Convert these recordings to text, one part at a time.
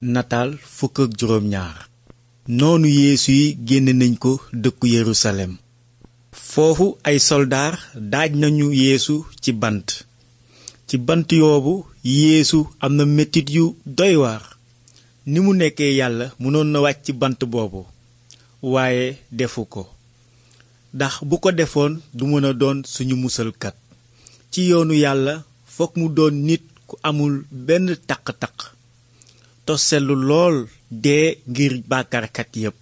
nataal fukk noonu yéesu yi génne nañ ko dëkku yerusalem foofu ay soldaar daaj nañu yéesu ci bant ci bant yoobu yéesu am na metit yu doy waar ni mu nekkee yàlla mënoon na wàcc ci bant boobu waaye defu ko ndax bu ko defoon du mën a doon suñu musalkat ci yoonu yàlla fokk mu doon nit ku amul benn taq-taq te sellu lool dee ngir bàkkaarkat yépp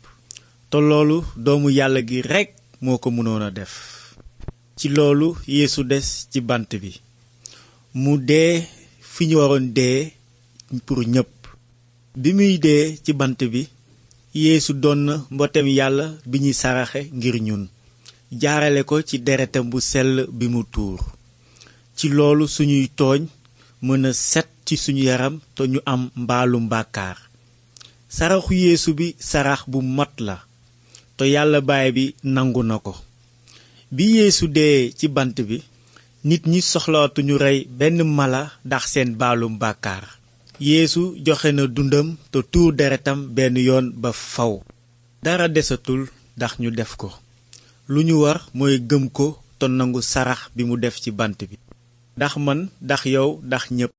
te loolu doomu yàlla gi rekk moo ko mënoon a def ci loolu yeesu des ci bant bi mu dee fi ñu waroon dee pour ñépp bi muy dee ci bant bi yéesu doon na mbotem yàlla bi ñuy saraxe ngir ñun jaarale ko ci deretam bu sell bi mu tuur ci loolu suñuy tooñ mën a set ci suñu yaram te ñu am mbaalum bàkkaar saraxu yéesu bi sarax bu mat la te yàlla baay bi nangu na ko bi yeesu dee ci bant bi nit ñi soxlaatuñu rey benn mala ndax seen baalum bàkkaar yéesu joxe na dundam te tuur deretam benn yoon ba faw dara desatul ndax ñu def ko lu ñu war mooy gëm ko te nangu sarax bi mu def ci bant bi ndax man ndax yow ndax ñépp